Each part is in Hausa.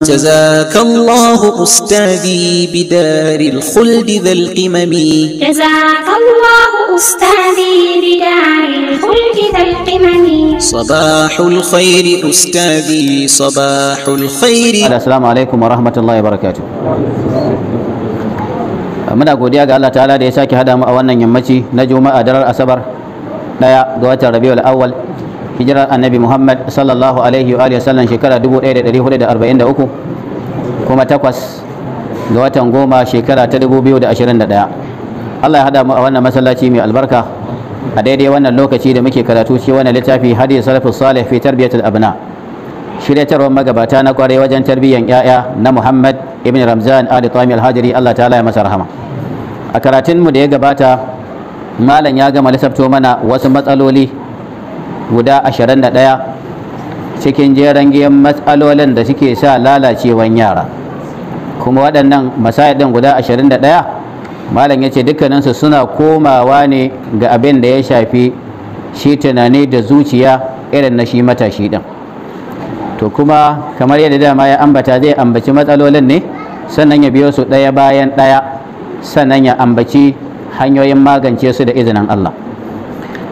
جزاك الله أستاذي بدار الخلد ذا القمم جزاك الله أستاذي بدار الخلد ذا القمم صباح الخير أستاذي صباح الخير السلام عليكم ورحمة الله وبركاته من أقول ga الله تعالى ليساك هذا sake hada mu a wannan yammaci na juma'a darar asabar daya ga hijirar annabi muhammad sallallahu alaihi wa sallam shekara 1443 kuma takwas ga watan goma shekara ta 2021 allah ya hada mu a wannan masallaci mai albarka a daidai wannan lokaci da muke karatu ce wannan littafi hadi salafus salih fi tarbiyatul abna shiryatarwar magabata na kwarai wajen tarbiyyar yaya na muhammad ibn ramzan ali tami alhajiri allah ta'ala ya masa rahama a karatunmu da ya gabata malam ya gama lissafto mana wasu matsaloli guda 21 cikin jeren giyan matsalolin da suke sa lalacewan yara kuma waɗannan ɗin guda 21 malam ya ce dukkaninsu suna komawa ne ga abin da ya shafi shi tunani da zuciya irin na shi matashi ɗin to kuma kamar yadda dama ya ambata zai ambaci matsalolin ne sannan ya biyo su ɗaya bayan ɗaya sannan ya ambaci hanyoyin magance su da izinin Allah.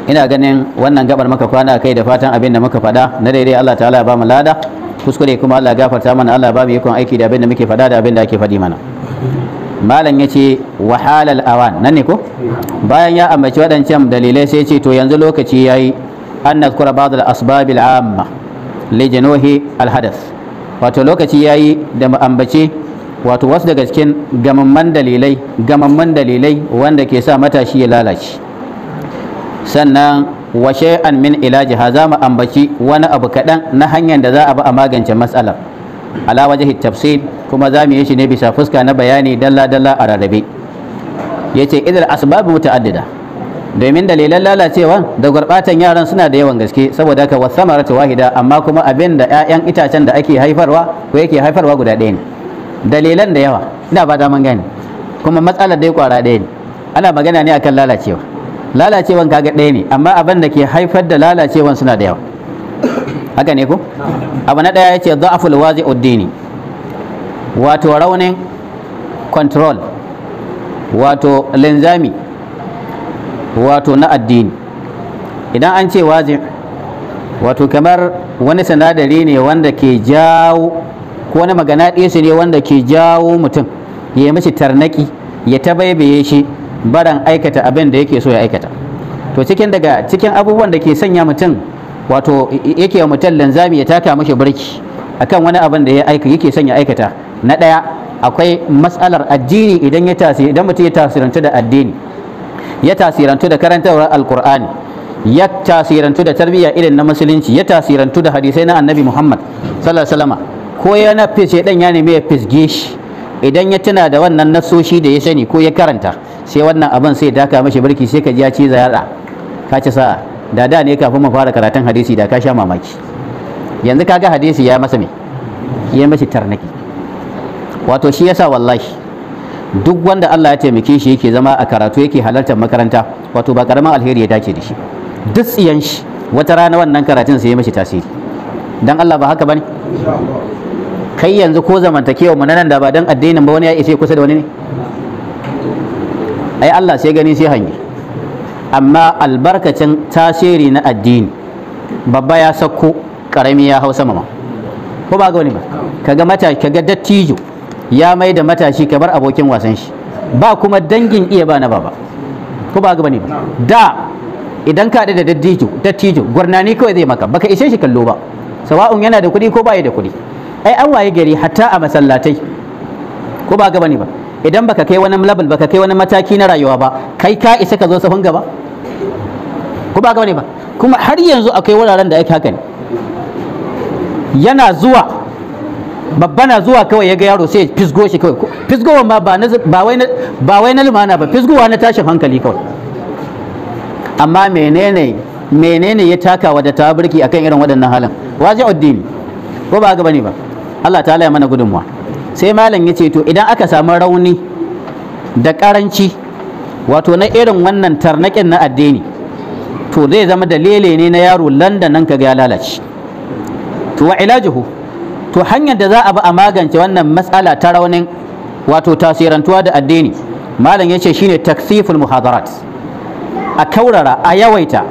ina ganin wannan gabar maka kwana kai da fatan abin da muka faɗa na daidai Allah ta'ala ba mu lada kuskure kuma Allah gafarta mana Allah ba mu ikon aiki da abin da muke faɗa da abin da ake faɗi mana malam ya ce wahalal awan nan ne ko bayan ya ambaci waɗancan dalilai sai ce to yanzu lokaci yayi an nazkura ba'd al asbab al amma li al wato lokaci yayi da mu ambace wato wasu daga cikin gamamman dalilai gamamman dalilai wanda ke sa matashi ya lalace sannan washe an min ha za mu ambaci wani abu kaɗan na hanyar da za a bi a magance matsalar ala waje tafsir kuma za mu yi shi ne bisa fuska na bayani dalla dalla a rarrabe Ya yace asibabin wuta mutaaddida domin dalilan lalacewa da gurbatan yaran suna da yawan gaske saboda haka wasamaratu wahida amma kuma abin da 'ya'yan itacen da ake haifarwa ko yake haifarwa guda ɗaya ne dalilan da yawa ina ba da gani, kuma matsalar dai kwara ɗaya ne ana magana ne akan lalacewa lalacewan kaga ɗaya ne amma abin da ke haifar da lalacewan suna da yawa haka ne ko abu na ɗaya yace da'aful wazi uddini wato raunin control wato linzami wato na addini idan an ce wazi wato kamar wani sinadari ne wanda ke jawo ko wani magana ɗaya ne wanda ke jawo mutum ya yi mashi tarnaki ya tabaibaye shi baran aikata abin da yake so ya aikata to cikin daga cikin abubuwan da ke sanya mutum wato yake mutum linzami ya taka mashi birki kan wani abin da yake sanya aikata na ɗaya akwai matsalar addini idan mutum ya tasirantu da addini ya tasirantu da karantarwar alkur'ani ya tasirantu da tarbiyya irin na musulunci ya tasirantu da hadisai na annabi muhammad sallallahu ko yana fice dan ya nemi ya fisge shi idan ya tuna da wannan nasoshi da ya sani ko ya karanta sai wannan abin sai taka mashi barki sai ka ji ya ci yada, ka ci sa'a da da ne kafin mu fara karatun hadisi da ka sha mamaki yanzu kaga hadisi ya masa me ya mashi tarnaki wato shi yasa wallahi duk wanda Allah ya taimake shi yake zama a karatu yake halartar makaranta wato ba karaman alheri ya dace da shi duk tsiyan shi wata rana wannan karatun sai ya mashi tasiri dan Allah ba haka bane kai yanzu ko zamantakewa mu nan da ba dan addinin ba wani ya ishe kusa da wani ne ai Allah sai gani sai hangi amma albarkacin tasiri na addini babba ya sako karami ya hau sama ma ko ba ga wani ba kaga mata kaga dattijo ya mai da matashi kamar abokin wasan shi ba kuma dangin iya ba na baba ko ba ga bane ba da idan ka da dattijo dattijo gurnani kawai zai maka baka ishe shi kallo ba sawa'un yana da kuɗi ko ba ya da kuɗi ai an waye gari hatta a masallatai ko ba ga bane ba idan baka kai wani level baka kai wani mataki na rayuwa ba kai ka isa ka zo sahun gaba ko ba ne ba kuma har yanzu akwai wuraren da yake haka ne yana zuwa babba na zuwa kawai ya ga yaro sai ya fisgo shi kawai fisgowa ma ba ba wai na lumana ba fisgowa na tashin hankali kawai amma menene menene ya taka wa da tabarki akan irin waɗannan halin waje ko ba ga bane ba Allah ta'ala ya mana gudunmuwa sai malam ya ce to idan aka samu rauni da karanci wato na irin wannan tarnaƙin na addini to zai zama dalile ne na yaro landan nan kaga ya lalace to wa ilajihu to hanyar da za a bi a magance wannan matsala ta raunin wato tasirantuwa da addini malam yace shine taksiful muhadarat a kaurara a yawaita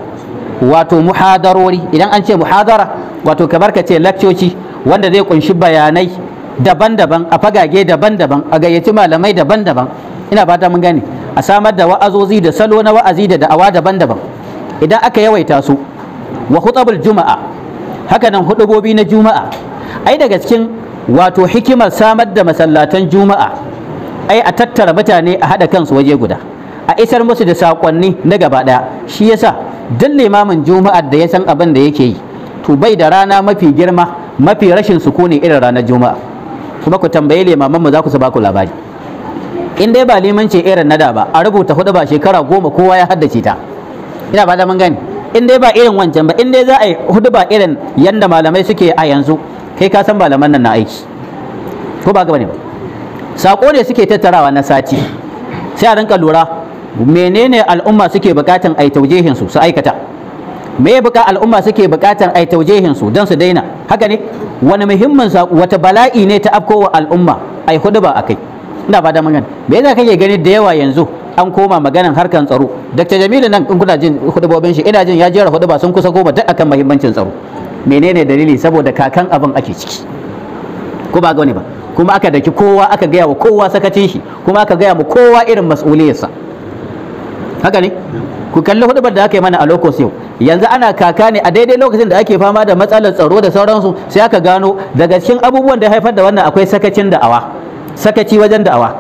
wato muhadarori idan an ce muhadara wato ka ka ce lakcoci wanda zai kunshi bayanai daban-daban a fagage daban-daban a gayyaci malamai daban-daban ina fata mun gane a samar da wa'azozi da salo na wa'azi da da'awa daban-daban idan aka yawaita su wa hutabul juma'a haka nan hudubobi na juma'a ai daga cikin wato hikimar samar da masallatan juma'a ai a tattara mutane a haɗa kansu waje guda a isar musu da saƙonni na gaba ɗaya shi yasa duk limamin juma'a da ya san abin da yake yi to bai da rana mafi girma mafi rashin sukuni irin ranar juma'a kuma ku tambaye limaman mu za ku su ba ku labari in dai ba limanci irin nada ba a rubuta hudu ba shekara goma kowa ya haddace ta ina ba da mun gani in dai ba irin wancan ba in dai za a yi hudu ba irin yanda malamai suke a yanzu kai ka san malaman nan na aiki ko ba gaba ne ba sako ne suke tattarawa na sati sai a rinka lura menene al'umma suke bukatan ai taujihin su su aikata me buka al'umma suke bukatan ai taujihin su don su daina haka ne wani muhimmin sa wata bala'i ne ta afkowa al'umma ai hudu ba akai ina ba da magana me yasa kake gani da yawa yanzu an koma maganan harkan tsaro dr jamilu nan in kuna jin hudubobin shi ina jin ya jera hudu ba sun kusa goma duk akan muhimmancin tsaro menene dalili saboda kakan abin ake ciki ko ba wani ba kuma aka daki kowa aka gaya wa kowa sakacin shi kuma aka gaya mu kowa irin mas'uliyarsa haka ne ku kalli hudubar da aka yi mana a lokos yau yanzu ana kaka ne a daidai lokacin da ake fama da matsalar tsaro da sauransu sai aka gano daga cikin abubuwan da haifar da wannan akwai sakacin da'awa sakaci wajen da'awa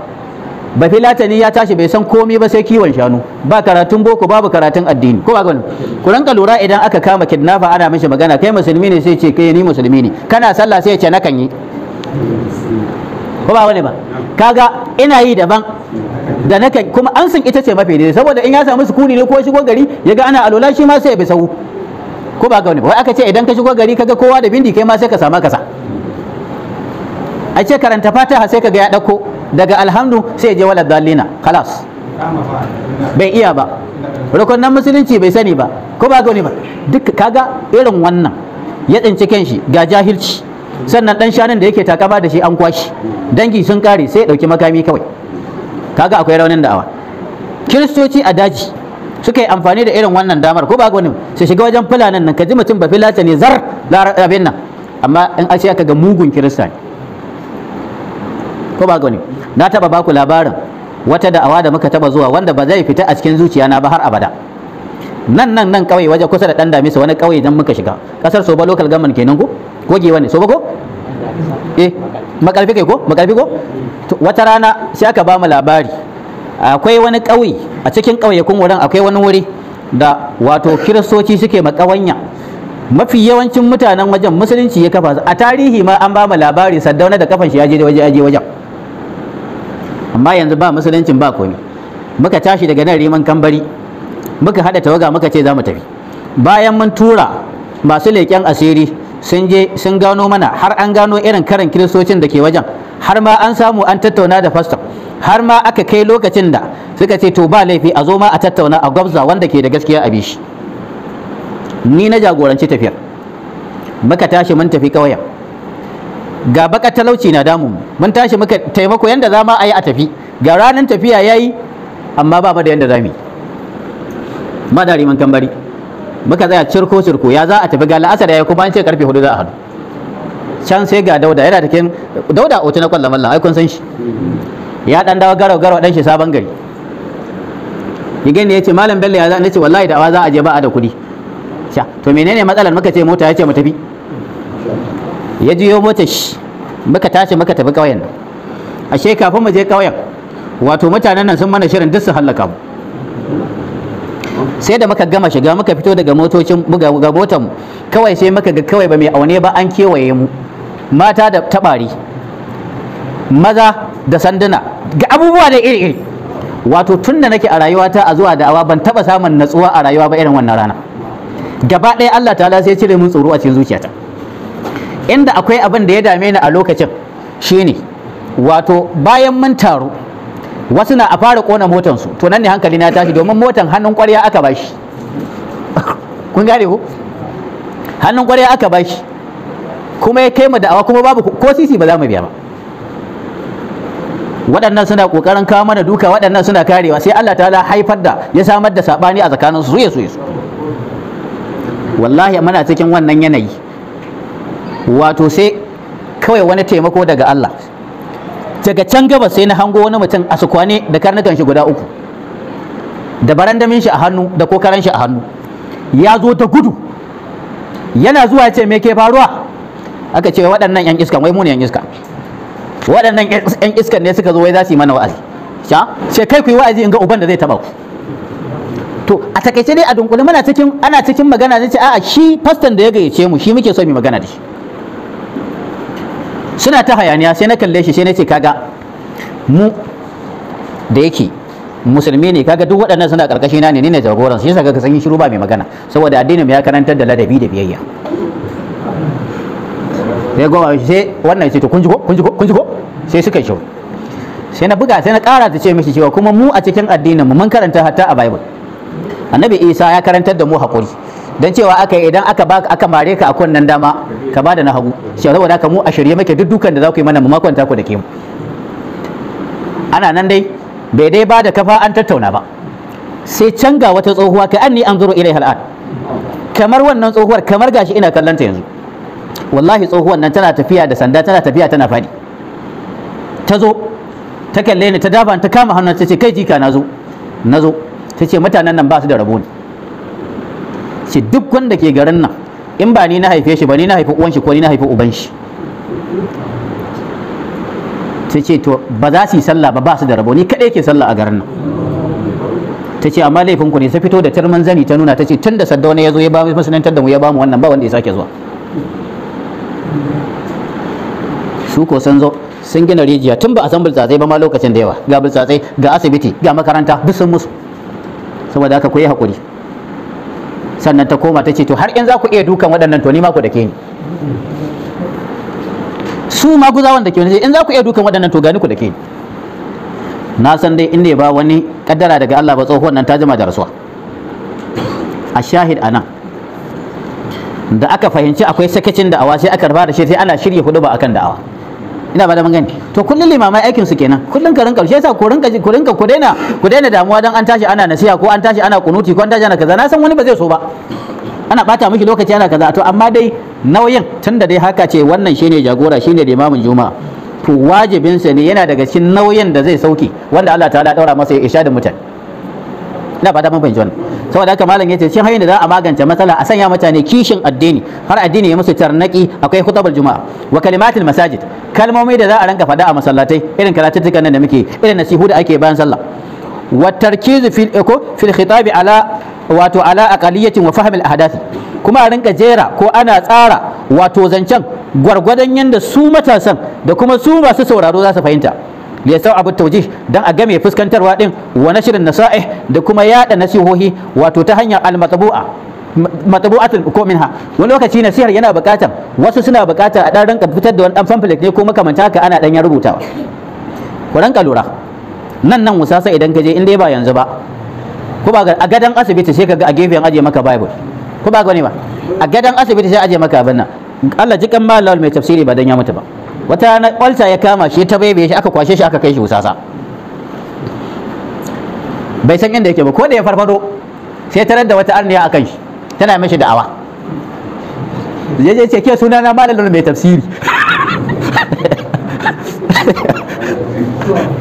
bafilatani ya tashi bai san komi ba sai kiwon shanu ba karatun boko babu karatun addini ko ba ku ranka lura idan aka kama kidnapper ana mishi magana kai musulmi ne sai ce kai ni musulmi ne kana sallah sai ya ce nakan yi ko ba wani ba kaga ina yi daban da na kuma an ansin ita ce mafi daidai saboda in ya samu sukuni ne ko shigo gari ya ga ana alola shi ma sai ya bi sau ko ba ga wani ba aka ce idan ka shigo gari kaga kowa da bindi kai ma sai ka samu kasa a ce karanta fataha sai kaga ya dauko daga alhamdu sai je wala na khalas bai iya ba nan musulunci bai sani ba ko ba ga wani ba duk kaga irin wannan ya tsinci kanshi ga jahilci sannan dan shanin da yake takama da shi an kwashi dangi sun kare sai ya dauki makami kawai kaga akwai raunin da'awa kiristoci a daji suka yi amfani da irin wannan damar ko ba wani su shiga wajen fulanan nan ka mutum ba filata ne zar abin nan amma in ashe aka ga mugun kirista ne ko ba wani na taba baku labarin wata da'awa da muka taba zuwa wanda ba zai fita a cikin zuciya na ba har abada nan nan nan kauye waje kusa da dan damisa wani kauye idan muka shiga kasar soba local government kenan ko gogewa ne soba ko eh makarfi kai ko makarfi ko wata rana sai aka ba mu labari akwai wani ƙauye a cikin ƙauyakun wurin akwai wani wuri da wato kiristoci suke makawanya mafi yawancin mutanen wajen musulunci ya kafa a tarihi ma an ba mu labari saddauna da kafan shi ya je waje aje wajen amma yanzu ba musuluncin ba komai muka tashi daga nan riman kambari muka hada tawaga muka ce za mu tafi bayan mun tura masu leƙen asiri sun je sun gano mana har an gano irin karin kiristocin da ke wajen har ma an samu an tattauna da fasta har ma aka kai lokacin da suka ce to ba laifi a zo ma a tattauna a gwabza wanda ke da gaskiya a bishi ni na jagoranci tafiyar muka tashi mun tafi ƙauyen ga baka talauci na damu mun tashi muka taimako yanda za ma a yi a tafi ga ranar tafiya yayi amma ba mu da yanda za mu yi madari mun kambari muka tsaya cirko cirko ya za a tafi ga la'asar yayi kuma an ce karfe hudu za a hadu can sai ga dauda yana cikin dauda otu na kwallon mallan ai kun san shi ya dan dawo garau garau dan shi sabon gari yigin ne yace malam bello ya za nace wallahi da awa za a je ba a da kudi sha to menene matsalar muka ce mota yace mu tafi ya jiyo mota shi muka tashi muka tafi kauyen ashe kafin mu je kauyen wato mutanen nan sun mana shirin duk su hallaka mu sai da muka gama shiga muka fito daga motocin ga motan kawai sai muka ga kawai ba mai aune ba an kewaye mu mata da tabari maza da sanduna ga abubuwa da iri iri wato tun da nake a rayuwata a zuwa da'awa ban taba samun natsuwa a rayuwa ba irin wannan rana gaba ɗaya Allah ta'ala sai cire min tsoro a cikin zuciyata inda akwai abin da ya dame ni a lokacin shine wato bayan mun taru wasu na a fara kona motansu to nan ne hankali na tashi domin motan hannun kwarya aka shi kun gane ku? hannun kwarya aka shi kuma ya kai mu da'awa kuma babu ko sisi ba za mu biya ba waɗannan suna ƙoƙarin kawo mana duka waɗannan suna karewa sai Allah ta'ala haifar da ya samar da saɓani a tsakanin su ya su wallahi muna cikin wannan yanayi wato sai kawai wani taimako daga Allah daga can gaba sai na hango wani mutum a sukwane da karnukan shi guda uku da barandamin shi a hannu da kokaran shi a hannu ya zo ta gudu yana zuwa ya ce me ke faruwa aka ce waɗannan yan iskan wai mu ne yan iska waɗannan yan iskan ne suka zo wai za su yi mana wa'azi sha sai kai ku yi wa'azi in ga uban da zai taba ku to a takaice dai a dunkule muna cikin ana cikin magana ne ce a'a shi fastan da ya gayyace mu shi muke so mu magana da shi suna ta hayaniya sai na kalle shi sai na ce kaga mu da yake musulmi ne kaga duk waɗannan suna ƙarƙashi na ne ne jagoran shi yasa kaga san shiru ba mai magana saboda addinin ya karantar da ladabi da biyayya sai goma sai wannan ce to kun ji ko kun ji ko kun ji ko sai suka shiru sai na buga sai na ƙara ta ce mishi cewa kuma mu a cikin addinin mu mun karanta hatta a bible annabi isa ya karantar da mu haƙuri Don cewa aka yi idan aka ba aka mare ka a kunnen dama ka bada na hagu shi saboda haka mu a shirye muke duk dukan da za ku yi mana mu makwanta ku da ke mu ana nan dai bai dai bada kafa an tattauna ba sai canga wata tsohuwa ka anni anzuru ilaiha an. kamar wannan tsohuwar kamar gashi ina kallanta yanzu wallahi tsohuwar nan tana tafiya da sanda tana tafiya tana fadi ta zo ta kalle ni ta dafa ta kama hannun ta ce kai jika na zo na zo ta ce mutanen nan ba su da rabo ne shi duk wanda ke garin nan in ba ni na haife shi ba ni na haifi uwan shi ko ni na haifi uban shi ta ce to ba za su yi sallah ba ba su da rabo ni kaɗai ke sallah a garin nan ta ce amma laifin ku ne ta fito da turmin zani ta nuna ta ce tun da saddauna ya zo ya ba mu masanantar da mu ya ba mu wannan ba wanda ya sake zuwa su ko san zo sun gina rijiya tun ba a san bultsatsai ba ma lokacin da yawa ga bultsatsai ga asibiti ga makaranta duk sun musu saboda haka ku yi haƙuri sannan ta koma ta ce to har in za ku iya dukan waɗannan to ni ma ku da ke ni su ma guzawan wanda ke wani in za ku iya dukan waɗannan to gani ku da ke ni na san dai inda ba wani kaddara daga Allah ba tsohon nan ta jima da rasuwa a shahid anan da aka fahimci akwai sakacin da'awa sai aka da shi sai ana shirya hudu ba akan da'awa ina ba da gani, to kullun limamai aikin su kenan kullun ka rinka shi yasa ku rinka ku rinka ku daina ku daina damuwa dan an tashi ana nasiha ko an tashi ana kunuti ko an tashi ana kaza na san wani ba zai so ba ana bata miki lokaci ana kaza to amma dai nauyin tunda dai haka ce wannan shine jagora shine limamin juma'a to sa ne yana daga cikin nauyin da zai sauke wanda Allah ta'ala daura masa ya isha da mutane na fata mun fahimci saboda haka malam yace shin hanyoyin da za a magance matsala a sanya mutane kishin addini har addini ya musu tarnaki akwai khutbal juma'a wa kalimatul masajid kalmomi da za a ranka fada a masallatai irin karatuttukan nan da muke irin nasihu da ake bayan sallah wa tarkizu fil eh, ko fil khitabi ala wato ala aqaliyatin wa fahmil ahdath kuma a rinka jera ko ana tsara wato zancen gwargwadon yadda su matasan da kuma su masu sauraro za su fahimta liyasau abu taujih dan a game fuskantarwa din wa nashrin nasaih da kuma yada nasihohi wato ta hanyar almatbu'a matabu'atul ko minha wani lokaci nasihar yana bukatar wasu suna bukatar a dan ranka fitar da wani dan pamphlet ne ko makamanta haka ana dan ya rubutawa ku ranka lura nan nan musasa idan ka je in dai ba yanzu ba ko ba a gadan asibiti sai kaga a gefen aje maka bible ko ba ga ne ba a gadan asibiti sai aje maka abin nan Allah jikan malal mai tafsiri ba dan ya mutu ba wata na kwalta ya kama shi ta bai shi aka kwashe shi aka kai shi wusasa bai san inda yake ba ko da ya farfado sai ta da wata arniya kan shi tana mishi da'awa ya je ce ke suna na malamin mai tafsiri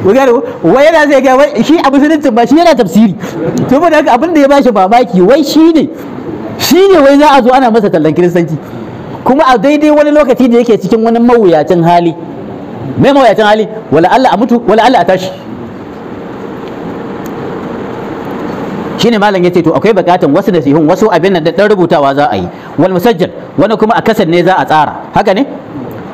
wugaru wai yana zai ga shi a musuluncin ba shi yana tafsiri to da abin da ya bashi mamaki wai shi ne shi ne wai za a zo ana masa tallan kiristanci kuma a daidai wani lokaci da yake cikin wani mawuyacin hali mai mawuyacin hali wala Allah a mutu wala Allah a tashi shine malam yace to akwai bukatan wasu nasihun wasu abin nan da dan rubutawa za a yi wal musajjal wani kuma a kasan ne za a tsara haka ne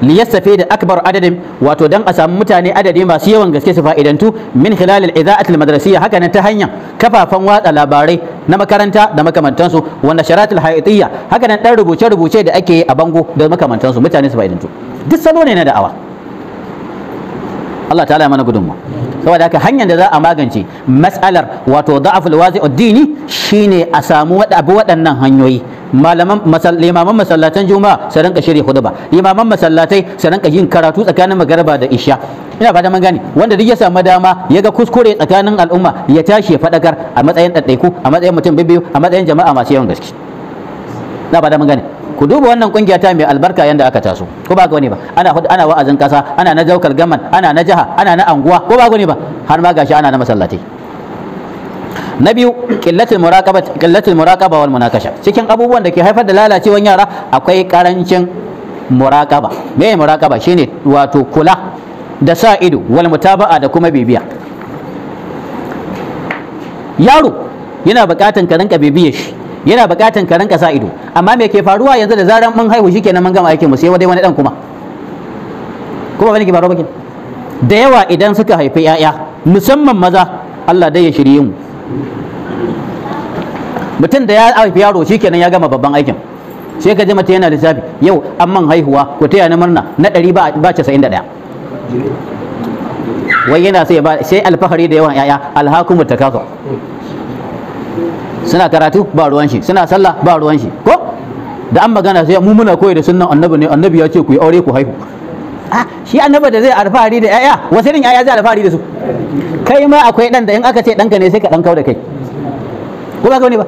liyastafi da akbar adadin wato dan a samu mutane adadi masu yawan gaske su fa'idantu min khilal al-idha'at al-madrasiyya haka nan ta hanyan kafafan watsa labarai na makaranta da makamantansu wanda sharatul hayatiyya haka nan dan rubuce rubuce da ake a bango da makamantansu mutane su fa'idantu duk salo ne na da'awa Allah ta'ala ya mana gudunmu saboda haka hanyar da za a magance matsalar wato da'aful wazi'ud dini shine a samu abu waɗannan hanyoyi malaman limaman masallatan juma'a su rinka shirya huduba limaman masallatai su rinka yin karatu tsakanin magarba da isha ina fata mun gane wanda duk ya samu dama ya ga kuskure tsakanin al'umma ya tashi ya fadakar a matsayin ɗaiɗaiku a matsayin mutum bibbiyu a matsayin jama'a masu yawan gaske ina fata mun gane ku duba wannan kungiya ta mai albarka yanda aka taso ko ba wani ba ana ana wa'azin kasa ana na jaukal gaman ana na jaha ana na anguwa ko ba wani ba har ma gashi ana na masallatai na biyu qillatul muraqaba qillatul muraqaba wal munakasha cikin abubuwan da ke haifar da lalacewar yara akwai karancin muraqaba me muraqaba shine wato kula da sa ido wal mutaba'a da kuma bibiya yaro yana buƙatan ka rinka bibiyar shi yana buƙatar ka ranka sa ido amma me ke faruwa yanzu da zaran mun haihu shikenan mun gama aikin mu sai wani dan kuma kuma wani ke faruwa bakin da yawa idan suka haifi yaya musamman maza Allah dai ya shirye mu mutum da ya haifi yaro shikenan ya gama babban aikin sai ka ji mace yana lissafi yau an man haihuwa ko ta na murna na ɗari ba casa'in da ɗaya wai yana sai alfahari da yawan yaya alhakumu takasur suna karatu ba ruwan shi suna sallah ba ruwan shi ko da an magana sai mu muna koyi da sunnan annabi ne annabi ya ce ku yi aure ku haihu Ah shi annabi da zai alfahari da yaya wasu irin yaya zai alfahari da su kai ma akwai dan da in aka ce ka ne sai ka dan kawo da kai ko ba ka ne ba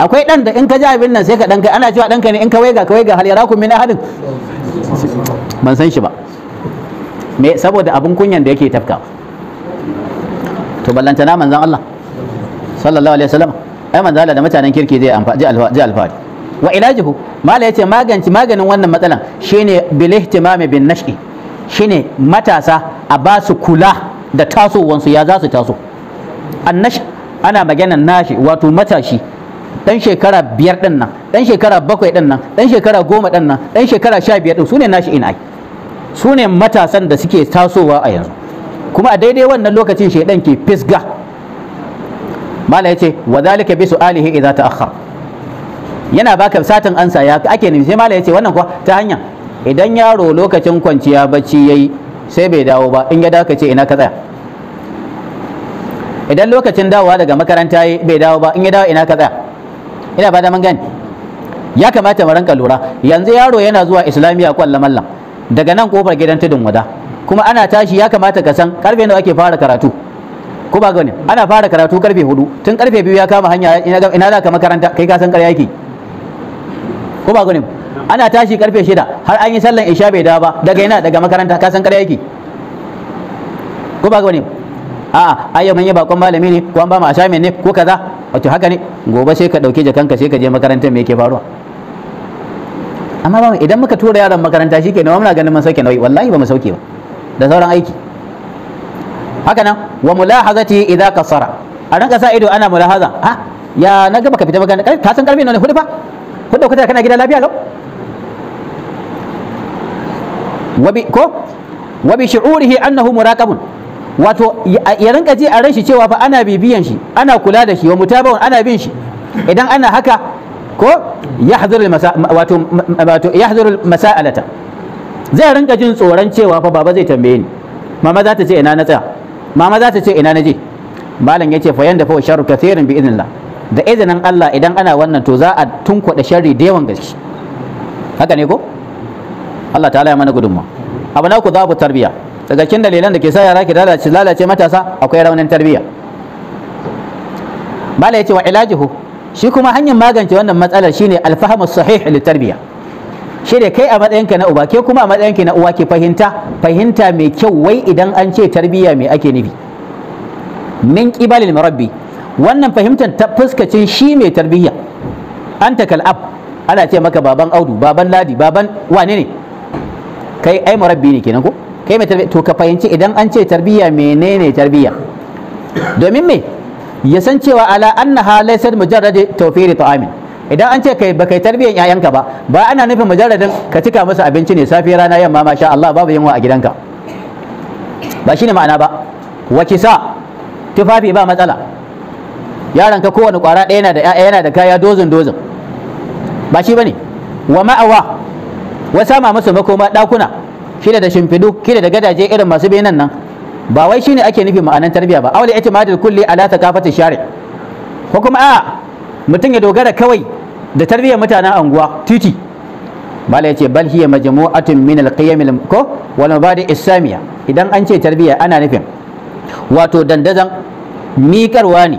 akwai dan da in ka ji abin nan sai ka dan kai ana cewa ka ne in ka waiga ka waiga hal yarakum min ahadin ban san shi ba me saboda abin kunyan da yake tafka to ballantana manzon Allah sallallahu alaihi wasallam ai manzo Allah da mutanen kirki zai amfani ji alfahari wa ilajihu mala yace maganci maganin wannan matsalan shine bil ihtimami bin nash'i shine matasa a ba su kula da tasowansu ya za su taso annash ana maganan nashi wato matashi dan shekara biyar din nan dan shekara bakwai din nan dan shekara goma din nan dan shekara sha biyar din sune nashi ina sune matasan da suke tasowa a yanzu kuma a daidai wannan lokacin shedan ke fisga mala yace wa zalika bi su'alihi idza ta'akhkhar yana baka satin ansa ya ake nufi sai mala yace wannan kuwa ta hanya idan yaro lokacin kwanciya bacci yayi sai bai dawo ba in ya dawo ka ce ina ka tsaya idan lokacin dawowa daga makaranta bai dawo ba in ya dawo ina ka tsaya ina ba da man gani ya kamata mu ranka lura yanzu yaro yana zuwa islamiyya kwalla mallam daga nan kofar gidan tudun wada kuma ana tashi ya kamata ka san karfe nawa ake fara karatu ko ba wani ana fara karatu karfe hudu tun karfe biyu ya kama hanya ina za ka makaranta kai ka san karya yake ko ba wani ana tashi karfe shida har an yi sallan isha bai dawo ba daga ina daga makaranta ka san karya yake ko ba ga a'a a yau mun yi bakon malami ne ko an ba mu assignment ne ko kaza wato haka ne gobe sai ka dauke jakanka sai ka je makarantar me yake faruwa amma ba idan muka tura yaran makaranta shikenan muna ganin mun sauke nauyi wallahi ba mu sauke ba da sauran aiki haka nan wa mulahazati idza kasara a ranka sa ido ana mulahaza ha ya na gaba ka fita magana ka san karfi ne hudu fa hudu kuta kana gida lafiya lau wabi ko wabi shi'urihi annahu muraqabun wato ya rinka ji a ranshi cewa fa ana bibiyan shi ana kula da shi wa mutabawun ana bin shi idan ana haka ko yahdhurul masa wato wato yahdhurul masa'alata zai rinka jin tsoron cewa fa baba zai tambaye ni mama za ta ce ina na tsaya mama za ta ce ina naje malam yace fa yanda fa sharru kathirin bi idnillah da izinin Allah idan ana wannan to za a tunkuɗa sharri da yawan gaske haka ne ko Allah ta'ala ya mana gudunma abu na ku za ku tarbiya daga cikin dalilan da ke sa yara ki lalace lalace matasa akwai raunin tarbiya malam ya ce wa ilajihu shi kuma hanyar magance wannan matsalar shine alfahamu sahih litarbiya tarbiya shi da kai a matsayinka na uba ke kuma a matsayinka na uwa ke fahimta fahimta mai kyau wai idan an ce tarbiyya mai ake nufi min qibalil murabbi wannan fahimtar ta fuskacin shi mai tarbiyya anta kal ab ana ce maka baban audu baban ladi baban wane ne kai ai murabbi ne kenan ko kai mai tarbiyya to ka fahimci idan an ce tarbiyya menene tarbiyya domin me ya san cewa ala annaha laysat mujarrad tawfiri ta'amin idan an ce kai ba kai tarbiyyar ƴaƴanka ba ba ana nufin mujarradin ka cika musu abinci ne safe rana yamma masha Allah babu yunwa a gidanka ba shine ma'ana ba wace sa tufafi ba matsala yaron ka kowane kwara ɗaya yana da ƴaƴa yana da kaya dozin dozin ba shi bane wa ma'awa wa sama musu makoma dakuna, kida da shimfidu kida da gadaje irin masu benan nan ba wai shine ake nufi ma'anan tarbiyya ba awli itimadul kulli ala takafati shari' ko kuma a mutum ya dogara kawai da tarbiyyar mutanen anguwa titi bala yace bal hiya majmu'atun min al ko wal mabadi islamiya idan an ce tarbiyya ana nufin wato dandazan miƙarwa ne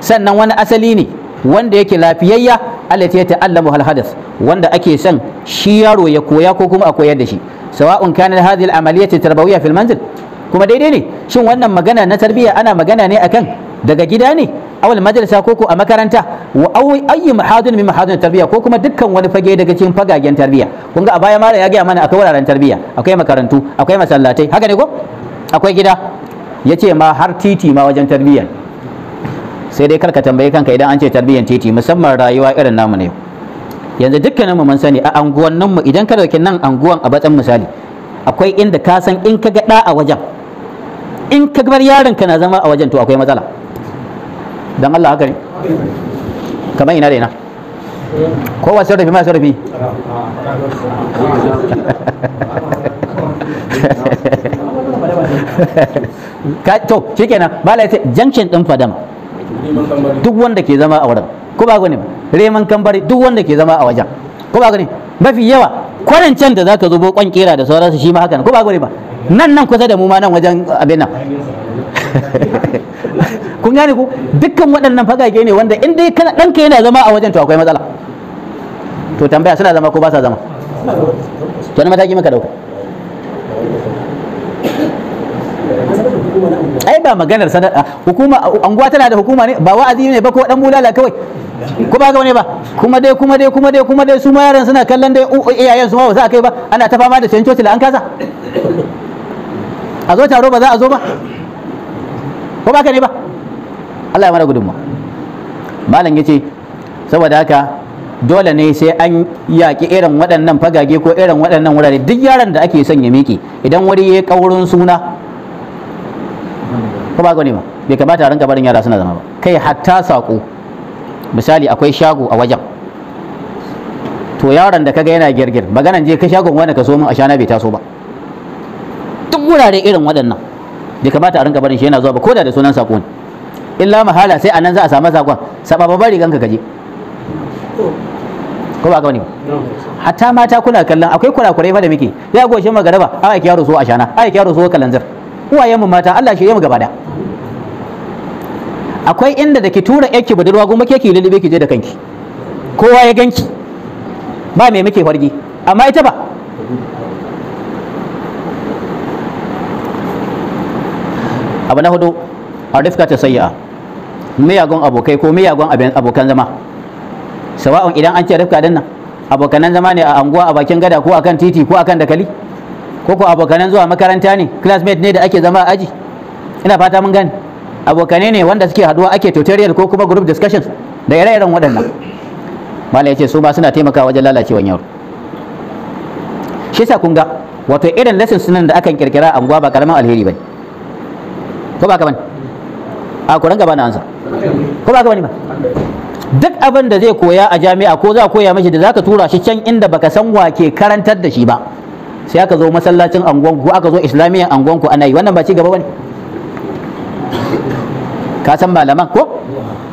sannan wani asali ne wanda yake lafiyayya allati ya ta'allamu hal hadas wanda ake son shi yaro ya koya ko kuma a koyar da shi sawa'un kana hadhihi al-amaliyatu tarbawiyya fil manzil kuma daidai ne shin wannan magana na tarbiyya ana magana ne akan daga gida ne awal majalisa ko ko a makaranta wa ayyi mahadun min mahadun tarbiyya ko kuma dukkan wani fage daga cikin fagagen tarbiyya kun ga a baya mala ya gaya mana akwai wuraren tarbiyya akwai makarantu akwai masallatai haka ne ko akwai gida yace ma har titi ma wajen tarbiyya sai dai karka tambaye kanka idan an ce tarbiyyan titi musamman rayuwa irin namu ne yanzu dukkanin mu mun sani a anguwannin mu idan ka dauki nan anguwan a batsan misali akwai inda ka san in ka ga da a wajen in ka bar yaron ka na zama a wajen to akwai matsala dan Allah haka ne kamar ina da ina kowa sarrafi ma sarrafi ka to shikenan bala ta junction din fadama duk wanda ke zama a wurin ko ba gane reman kambari duk wanda ke zama a wajen ko ba gane mafi yawa kwarancin da zaka zo bo kwan kera da sauransu shi ma haka ko ba gane ba nan nan kusa da mu ma nan wajen abin nan kun gane ku dukkan waɗannan fagage ne wanda in dai kana ɗanka yana zama a wajen to akwai matsala to tambaya suna zama ko ba sa zama to na mataki maka dauka ai ba maganar sanar hukuma anguwa tana da hukuma ne ba wa'azi ne ba ko dan bulala kawai ko ba wani ba kuma dai kuma dai kuma dai kuma dai su ma yaran suna kallon dai iyayen su ma ba za a kai ba ana ta fama da la an kasa a zo taro ba za a zo ba ko ba ka ne ba Allah ya mana gudunmu malam yace saboda haka dole ne sai an yaƙi irin waɗannan fagage ko irin waɗannan wurare duk yaron da ake son ya miƙe idan wani ya ƙaurin suna ko ba ka ne ba bai kamata a rinka barin yara suna zama ba kai hatta saƙo misali akwai shago a wajen to yaron da kaga yana girgir maganan je ka shagon wani ka so min a shana bai taso ba duk wurare irin waɗannan bai kamata a rinka barin shi yana zuwa ba ko da da sunan sako ne illa mahala sai anan za a samu sakon sababa bari ganka kaje ko ba gani hatta mata kuna kallon akwai kurakurai fa da muke ya goshe magaraba a aiki yaro so a shana a aiki yaro so kalanzir uwayen mu mata Allah shi ya mu gaba da akwai inda da ki tura yarki budurwa goma ke ki lulube ki je da kanki kowa ya ganki ba me muke farge amma ita ba abu na hudu a rifka ta sayya miyagun abokai ko miyagun abokan zama sawa'un idan an ce rifka din nan abokanan zama ne a anguwa a bakin gada ko a kan titi ko a kan dakali ko ko abokanan zuwa makaranta ne classmate ne da ake zama a aji ina fata mun gani. abokane ne wanda suke haduwa ake tutorial ko kuma group discussions da ire-iren waɗannan mala ya ce su ma suna taimakawa wajen lalacewan yaro shi sa kun ga wato irin lessons nan da akan kirkira anguwa ba karamin alheri bane ko ba ka bane a ku ranga bani ansa ko ba ka bane ba duk abin da zai koya a jami'a ko za a koya mashi da zaka tura shi can inda baka san wa ke karantar da shi ba sai aka zo masallacin angon ko aka zo islamiyan angon ku ana yi wannan ba ci gaba bane ka san malaman ko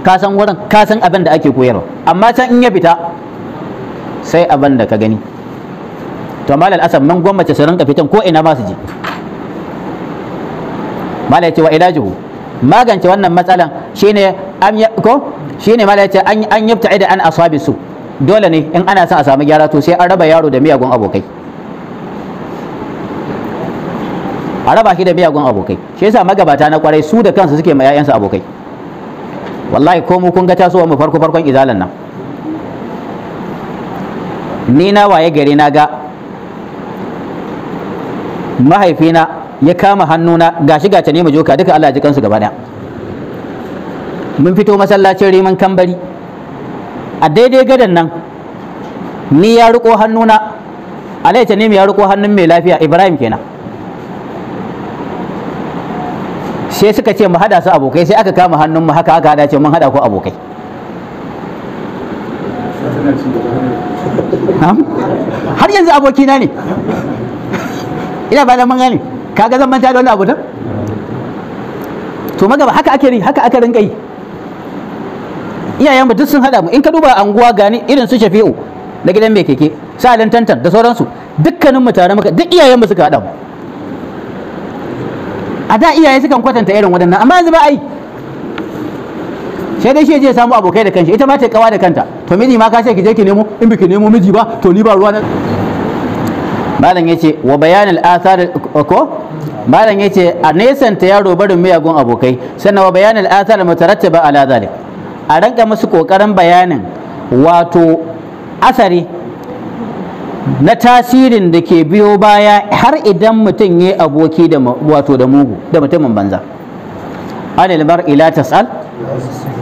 ka san wurin ka san abin da ake koyarwa amma can in ya fita sai abin da ka gani to malal asab mun gwamnati su rinka fitan ko ina ma su je malai ce wa ilajihu, magance wannan matsalan shine an ko shine malai ce an an yabta'ida an asabi su dole ne in ana son a samu gyara to sai an raba yaro da miyagun abokai a raba shi da miyagun abokai shi yasa magabata na kwarai su da kansu suke ma 'ya'yansu abokai wallahi ko mu kun ga tasowa mu farko farkon izalan nan ni na waye gari na ga mahaifina ya kama hannuna gashi gace ne mu joka duka Allah ji kansu gaba daya mun fito masallacin riman kambari a daidai gadan nan ni ya riko hannuna alaita ne ya riko hannun mai lafiya Ibrahim kenan sai suka ce mu hada su abokai sai aka kama hannun mu haka aka hada ce mun hada ku abokai har yanzu abokina ne ina ba da mun gani. kaga zan manta da wani abu da to magaba haka ake yi haka aka rinka yi iyayen mu duk sun hada mu in ka duba anguwa gani irin su shafi'u da gidan mai keke dan tantan da sauransu dukkanin mu tare muka duk iyayen mu suka hada mu a da iyaye sukan kwatanta irin waɗannan amma yanzu ba ai sai dai shi je samu abokai da kanshi ita ma ta kawa da kanta to miji ma ka ce ki je ki nemo in biki nemo miji ba to ni ba ruwa na malam yace wa bayanil athar ko malam yace a nesanta yaro barin miyagun abokai sannan wa bayanil athar mutarattaba ala zalik a ranka musu kokarin bayanin wato asari na tasirin da ke biyo baya har idan mutum ya aboki da wato da mugu da mutumin banza anil mar'i la tas'al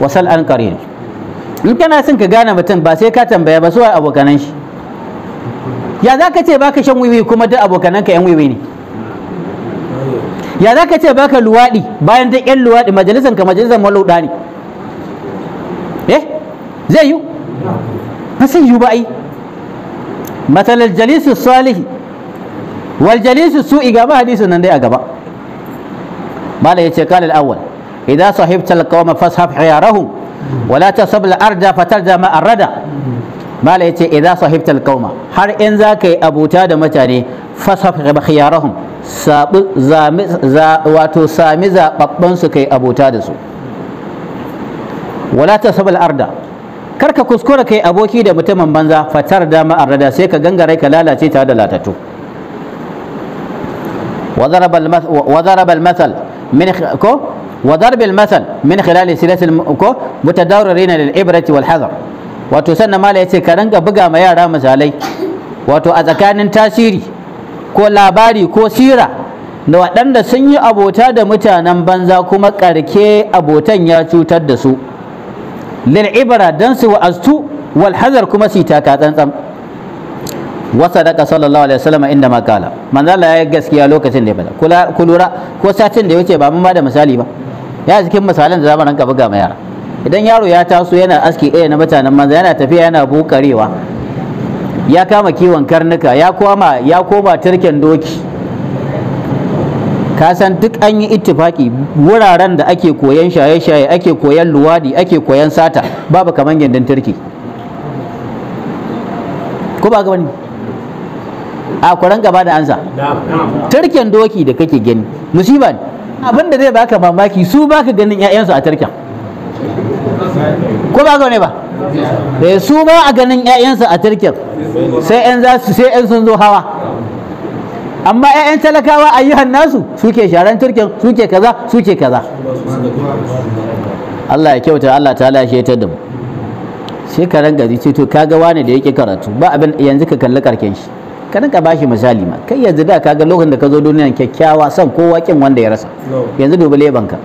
wasal an qarin in kana son ka gane mutum ba sai ka tambaya ba su abokanan shi ya za ka ce baka shan wiwi kuma duk abokananka yan wiwi ne ya za ka ce baka luwaɗi bayan duk yan luwaɗi majalisan ka majalisan malauɗa ne eh zai yi ba sai yi ba ai matsalar jalisu salihi wal jalisu su'i gaba hadisu nan dai a gaba bala ya ce kalal awwal idza sahibta al qawma fashab hiyarahum wala tasab al arda fatarda ma arada mala yace idza sahibtal qauma har in za ka yi abuta da mutane fasaf khiyarahum sabi zami wato sami zababban su kai abuta da su wala tasabal arda karka kuskura kai aboki da mutumin banza fatar da ma'arrada sai ka gangare ka lalace tare da latatu وضرب المثل من وضرب المثل من خلال سلسلة متدورين للإبرة والحذر wato sannan mala ya ce ka ranga buga ma yara misalai wato a tsakanin tasiri ko labari ko sira da waɗanda sun yi abota da mutanen banza kuma ƙarke abotan ya cutar da su lil ibra dan su wa'aztu wal hazar kuma su taka tsantsan wa sadaqa sallallahu alaihi wasallam inda ma kala manzo Allah ya gaskiya lokacin da ya bada kulura ko satin da yake ba mun ba da misali ba ya cikin misalan da zamu ranka buga ma yara idan yaro ya taso yana aski ɗaya na mutanen manza yana tafiya yana bukarewa ya kama kiwon karnuka ya koma ya koma turken doki ka san duk an yi ittifaki wuraren da ake koyan shaye-shaye ake koyan luwadi ake koyan sata babu kaman gindin turki ko ba gabani a kuran gaba da ansa turken doki da kake gani musiba abin da zai baka mamaki su baka ganin 'ya'yansu a turken ko ba ne ba da eh, su ba a ganin 'ya'yansa a turkiyar sai 'yan za su sai 'yan sun zo hawa amma 'ya'yan talakawa ayyuhan nasu suke sharan turkiyar suke kaza suke kaza Allah ya kyauta Allah ta lashe ta da mu sai ka ranga ce to kaga wani da yake karatu ba abin yanzu ka kalli karken shi ka rinka bashi misali ma kai yanzu da kaga lokacin da ka zo duniyan kyakkyawa son kowa kin wanda ya rasa yanzu dubi lebanka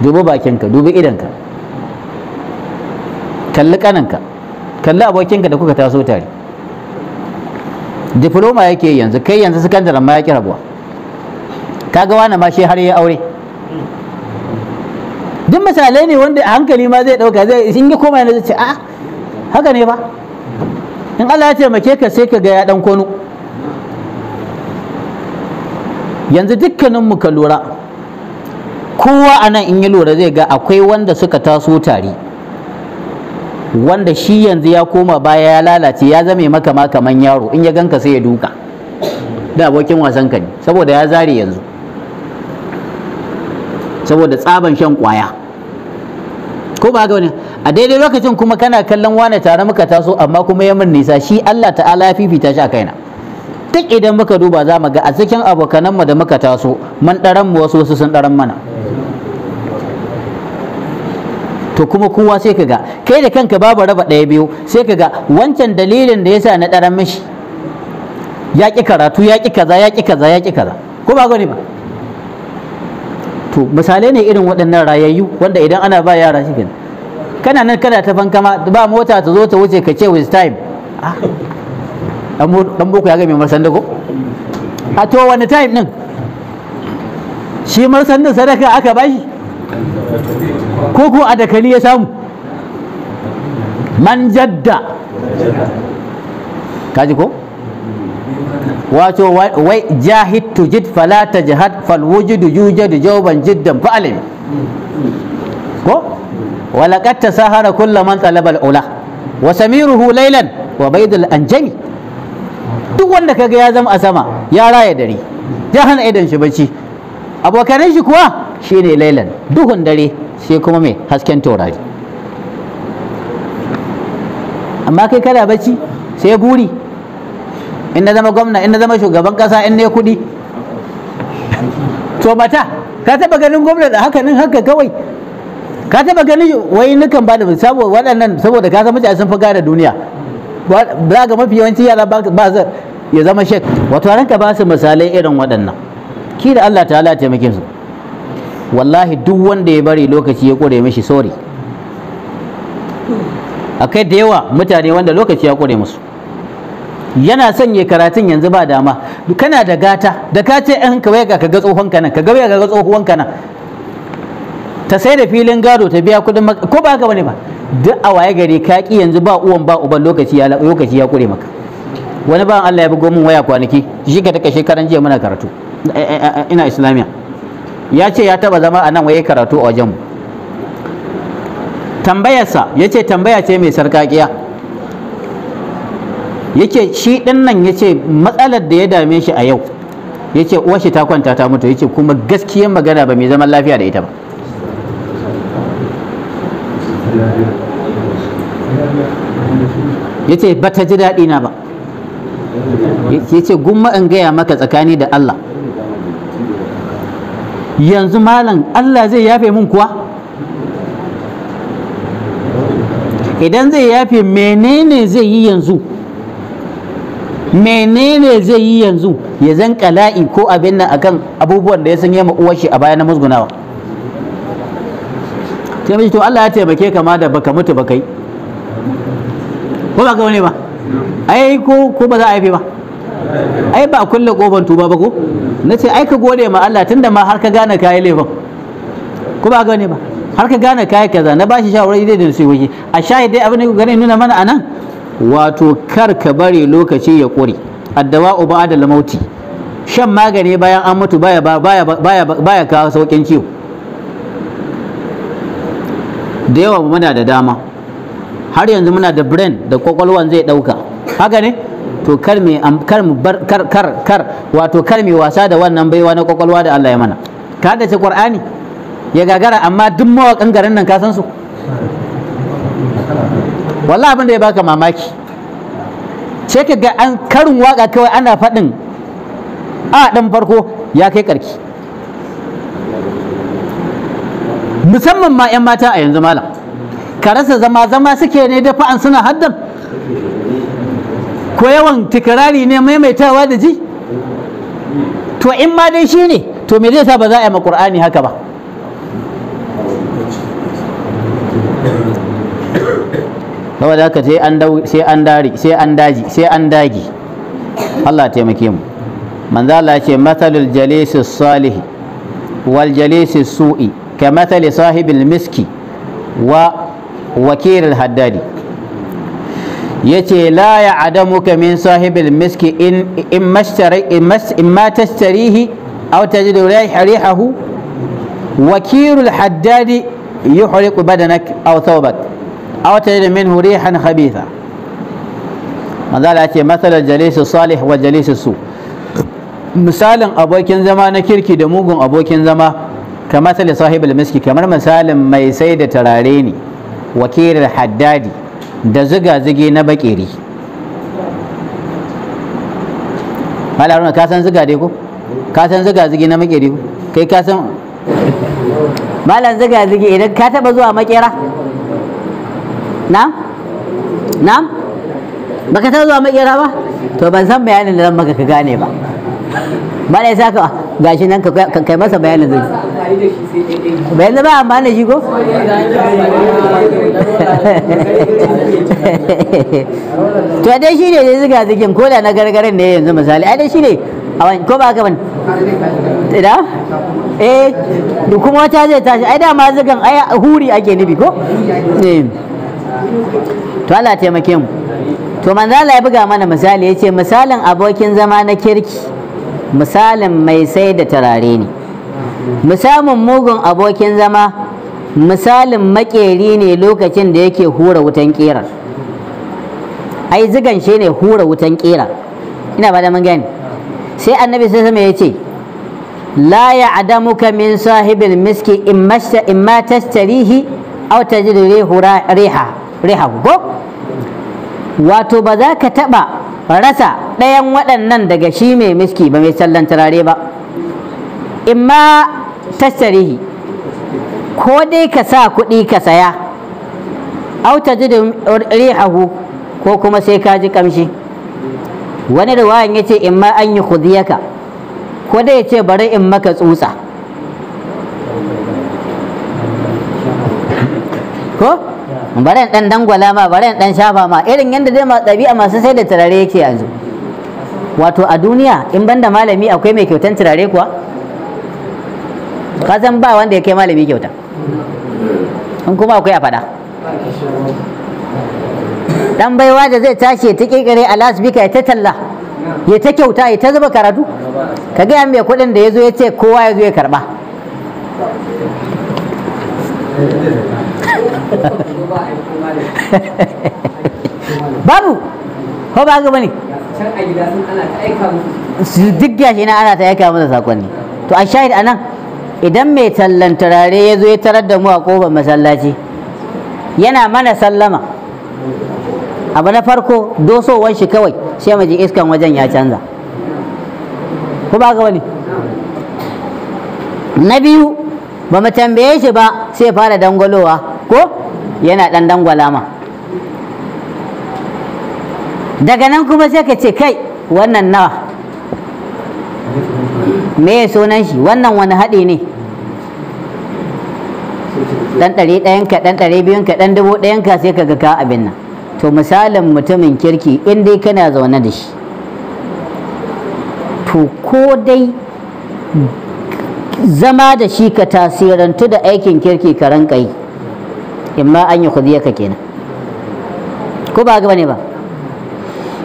dubi bakinka dubi idanka kalli kaninka kalli abokinka da kuka taso tare diploma yake yanzu kai yanzu sakandare ma ya ki rabuwa kaga wani ma shi har ya aure duk misalai ne wanda hankali ma zai dauka zai in ga koma yana zai ce a haka ne ba in Allah ya taimake ka sai ka ga ya dan kono yanzu dukkanin mu ka lura kowa anan in yi lura zai ga akwai wanda suka taso tare wanda shi yanzu ya koma baya ya lalace ya zame maka ma kaman yaro in ya ganka sai ya duka da abokin wasan ka ne saboda ya zare yanzu saboda tsaban shan kwaya ko ba ga wani a daidai lokacin kuma kana kallon wane tare muka taso amma kuma ya min nisa shi Allah ta'ala ya fifita shi a kaina duk idan muka duba za mu ga a cikin abokananmu da muka taso mun ɗaran mu wasu wasu sun ɗaran mana to kuma kowa sai ka ga kai da kanka babu raba ɗaya biyu sai ka ga wancan dalilin da yasa na ɗaran mishi ya ƙi karatu ya ƙi kaza ya ƙi kaza ya ƙi kaza ko ba gani ba to misalai ne irin waɗannan rayayyu wanda idan ana ba yara shi kana nan kana ta fankama ba mota ta zo ta wuce ka ce with time dan ah, boko ya ga mai marsanda a to wani time din shi din sadaka aka bashi ko ko a dakali ya samu man jadda kaji ko wato wai jahid tujid fala jihad fal wujudu yujadu jawban jiddan fa alim ko wala qad tasahara kullu man talaba al ula wa samiruhu laylan wa al anjami duk wanda kaga ya zama a sama ya raya dare ya hana idan shi bacci abokanan shi kuwa shine laylan duhun dare sai kuma mai hasken taurari amma kai kada bacci sai buri in na zama gwamna in na zama shugaban kasa in ne kuɗi to mata ka taba ganin gwamna da haka nan haka kawai ka taba ganin wai nukan ba da saboda waɗannan saboda ka san mutane sun fi gane duniya ba ga mafi yawanci yara ba ya zama shek wato ranka ba su misalai irin waɗannan ki da Allah ta'ala taimake su wallahi duk wanda ya bari lokaci ya kure mishi sorry akai da yawa mutane wanda lokaci ya kure musu yana son ya karatun yanzu ba dama kana da gata da ka ce ɗan ka waya ka ga tsohon ka nan ka ga ka ga tsohon ka nan ta sai da filin gado ta biya kuɗin ko ba ka bane ba duk a waye gari ka ki yanzu ba uwan ba uban lokaci ya lokaci ya kure maka wani ba Allah ya bugo mun waya kwanaki shi ka take shekaran jiya muna karatu eh, eh, eh, ina islamiya ya ce ya taba zama a nan waye karatu a wajen tambayarsa ya ce tambaya ce mai sarkakiya yake shi ɗin nan ya ce matsalar da ya dame shi a yau ya ce shi ta kwanta ta mutu ya ce kuma gaskiyar magana ba mai zaman lafiya da ita ba ya ce ba ta ji daɗi na ba ya ce gumma in gaya maka tsakani da Allah yanzu malam Allah zai yafe mun kuwa idan zai yafe menene zai yi yanzu menene zai yi yanzu ya zan kala'i ko abin nan akan abubuwan da ya san yama uwar shi a baya na musgunawa ta yi to Allah ya taimake kama da baka mutu ba kai ko ba ka wani ba ai ko ba za a yafe ba ai ba kulle koban tuba ba ko na ai ka gode ma Allah tunda ma har ka gane kayan laifin ko ba gane ba har ka gane kai kaza na bashi shawarar dai da waje. a shahid dai abin da gane nuna mana anan wato kar ka bari lokaci ya kure addawa uba da lamauti shan magani bayan an mutu baya baya baya baya kawo saukin ciwo da yawa muna da dama har yanzu muna da brain da kwakwalwan zai dauka haka ne to kar me kar mu kar kar kar wato kar me wasa da wannan baiwa na kwakwalwa da Allah ya mana ka ce Qur'ani ya gagara amma duk mawakan garin nan ka san su wallahi abin da ya baka mamaki ce ka an karin waka kawai ana fadin a dan farko ya kai karki musamman ma 'yan mata a yanzu malam ka rasa zama zama suke ne da fa'an suna haddan ko yawan tikirari ne maimaitawa da ji to in ma dai shi ne to me zai sa ba za a yi makur'ani haka ba saboda haka sai an sai dari sai an daji sai an dagi Allah taimake mu manzo Allah ce matalul jalisi salih wal jalisi su'i ka matali sahibil miski wa wakilil haddadi yace la ya adamuka min sahibil miski in in mashtari in ma tashtarihi aw tajidu rihahu wakilul haddadi na badanak aw thawbak aw tajidu minhu rihan khabitha manzala ce matsalar jalisu salih wa jalisu su misalin abokin zama na kirki da mugun abokin zama ka matsalin sahibin miski kamar misalin mai sai da tarare ne wakilar haddadi da ziga-zige na bakeri malaruna ka san ziga dai ko ka san ziga na makeri ko kai ka san malam ziga-zige idan ka taba zuwa makera na na baka taba zuwa makera ba to ban san bayanin da zan maka ka gane ba ba ya sa ka gashi nan ka kai masa bayanin zai bai yanzu ba ba da shi ko to dai shi ne da ziga zikin ko da na gargarin ne yanzu misali ai dai shi ne a wani ko ba ka ban? idan eh da kuma wata zai tashi ai dama zigan ai huri ake nufi ko eh to Allah taimake mu to manzo Allah ya buga mana misali ce misalin abokin zama na kirki misalin mai sai da tarare ne musamin mugun abokin zama misalin makeri ne lokacin da yake hura wutan ƙirar. ai zigan shi ne hura wutan ƙirar. ina ba da mun gani sai annabi sai sama ya ce la ya'damuka min sahibil miski in ma tastarihi aw tajidu riha riha go wato ba za ka taba rasa ɗayan waɗannan daga shi mai miski ba mai sallan turare ba imma tashtarihi ko dai ka sa kuɗi ka saya au ta ji rihahu ko kuma sai ka ji kamshi wani riwayan ya ce imma an yi hudiyaka ko dai ya ce bari in maka tsutsa ko bari dan dangwala ma bari dan shafa ma irin yadda zai ma ɗabi'a masu sai da turare yake yanzu wato a duniya in banda malami akwai mai kyautan turare kuwa ka ba wanda ya kai malami kyauta in kuma akwai a faɗa dan baiwa da zai tashi ya ta kirkire a lasbika ya ta talla ya ta kyauta ya ta zuba karatu ka gaya mai kuɗin da ya zo ya ce kowa ya zo ya karɓa babu ko ba ga ne. duk gashi na ana ta aika musu sakonni to a shahid anan idan mai tallan turare ya zo ya tarar da mu a ƙofar masallaci yana mana sallama abu na farko dosowar shi kawai sai mu je iskan wajen ya canza ko ba ga wani na biyu ba mu tambaye shi ba sai fara dangwalowa ko yana dan dangwala ma daga nan kuma sai ka ce kai wannan nawa me sunan shi wannan wani haɗi ne dan ɗari ɗayan ka dan ɗari biyun ka dan dubu ɗayan ka sai ka ga ka abin nan to misalin mutumin kirki in dai kana zaune da shi to ko dai zama da shi ka tasirantu da aikin kirki ka ranka yi imma an yi ka kenan ko ba ga ne ba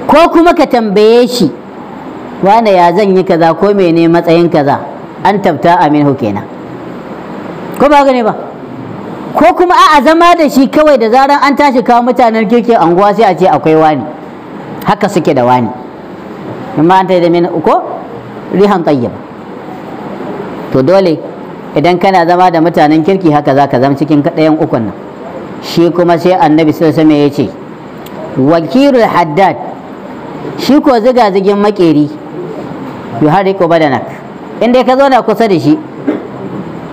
ko kuma ka tambaye shi wane ya zan yi kaza ko mene matsayin kaza an tabta Aminu kenan ko ba ga ne ba ko kuma a zama da shi kawai da zaran an tashi kawo mutanen kirki anguwa sai a ce akwai wani haka suke da wani amma an da min ko rihan tayyib to dole idan kana zama da mutanen kirki haka za ka zama cikin kaɗayan ukun nan shi kuma sai annabi sallallahu alaihi ya ce wakilul haddad shi ko ziga zigin makeri yuhariku badanak inda ka zauna kusa da shi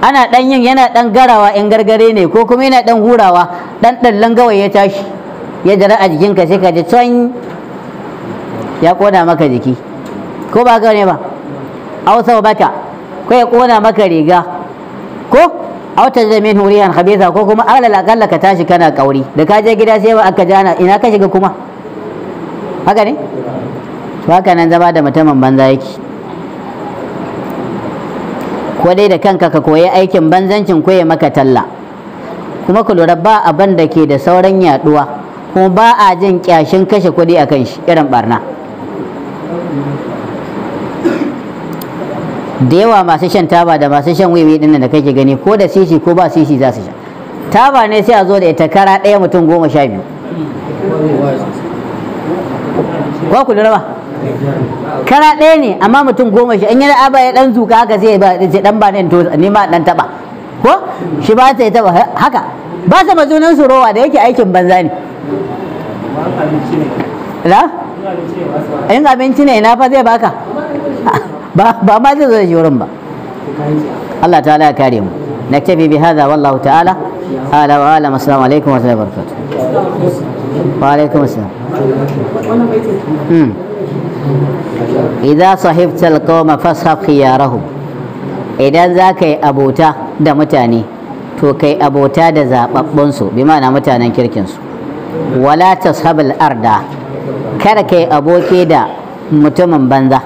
ana dan yin yana dan garawa in gargare ne ko kuma yana dan hurawa dan dallan gawai ya tashi ya jira a jikinka sai ka ji tsoin, ya kona maka jiki ko ba ga ne ba aw baka ko ya kona maka riga ko aw tajamin huriyan khabisa ko kuma alal akalla ka tashi kana kauri da ka je gida sai ba aka jana ina ka shiga kuma haka ne haka nan zama da mutumin banza yake ko dai da kanka ka koyi aikin banzancin ko ya maka talla kuma ku lura ba abin da ke da sauran yaduwa kuma ba a jin kyashin kashe kuɗi a kan shi irin barna da yawa masu shan taba da masu shan wiwi ɗin da kake gani ko da sisi ko ba sisi za su sha taba ne sai a zo da ita kara ɗaya mutum goma sha biyu ko ku lura ba kara ɗaya ne amma mutum goma shi in yi na'aba ya ɗan zuka haka zai ba ɗan ba ne, to ni ma ɗan taɓa, ko shi ba ta yi taɓa haka ba sa mazunan su rowa da yake aikin banza ne na in abinci ne ina fa zai baka ba ma zai zo da shi ba Allah ta'ala ya kare mu نكتفي بهذا والله تعالى هذا wa السلام عليكم wa alaikum وبركاته وعليكم السلام idza sahibtal qauma fashab khiyarahum idan za ka yi abota da mutane to kai abota da zaɓaɓɓunsu, bi ma'ana mutanen kirkinsu wala tashabul arda kada ka yi aboki da mutumin banza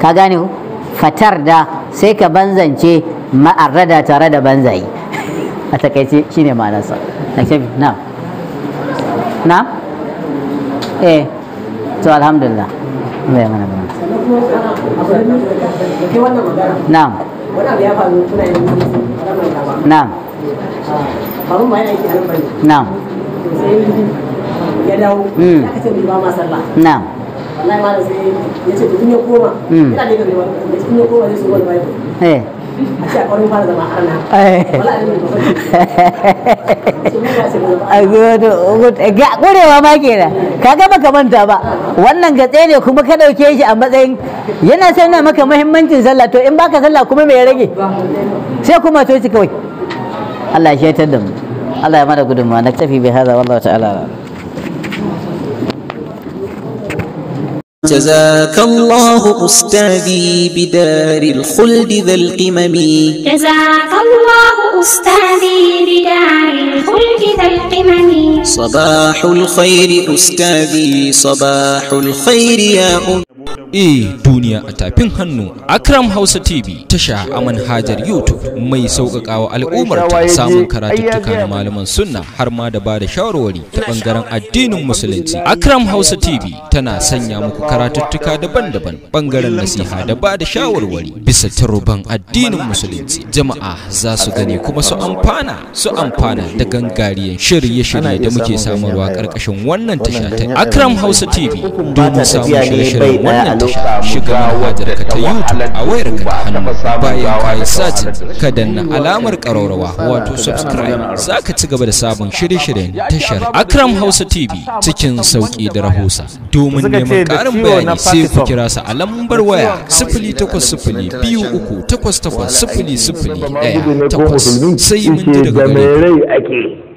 ka gane fatar da sai ka banzance ma'arrada tare da banzayi a takaice shine ma'anarsa na na eh to alhamdulillah mai mana ƙurewa ma kenan ka ga maka manta ba wannan gatse ne kuma ka ɗauke shi a matsayin yana na maka mahimmancin sallah to in baka sallah kuma me ya rage sai kuma to shi kawai Allah ya shaitar da mu Allah ya mana gudunmawa na tafi bai haza, wallahu ta'ala جزاك الله أستاذي بدار الخلد ذا القمم جزاك الله أستاذي بدار الخلد ذا القمم صباح الخير أستاذي صباح الخير يا أم e duniya a tafin hannu akram hausa tv tasha a manhajar youtube mai sauƙaƙawa al'ummar ta samun karatuttuka na malaman sunna har ma da ba da shawarwari ta ɓangaren addinin musulunci akram hausa tv tana sanya muku karatuttuka daban-daban ɓangaren nasiha da ba da shawarwari bisa turban addinin musulunci jama'a za su gani kuma su amfana su amfana da gangariyan shirye-shirye da muke samarwa ƙarƙashin wannan tasha ta akram hausa tv domin samun shirye-shiryen wannan shiga wajarka ta YouTube a wayarka ta hannu bayan ka yi sajin ka danna alamar ƙararrawa wato subscribe za ka ci gaba da sabon shirye-shiryen tashar Akram Hausa TV cikin sauƙi da rahusa domin neman ƙarin bayani sai ku kira su a lambar waya sifili takwas sifili biyu uku takwas takwas sifili sifili ɗaya takwas sai mun daga gare ku.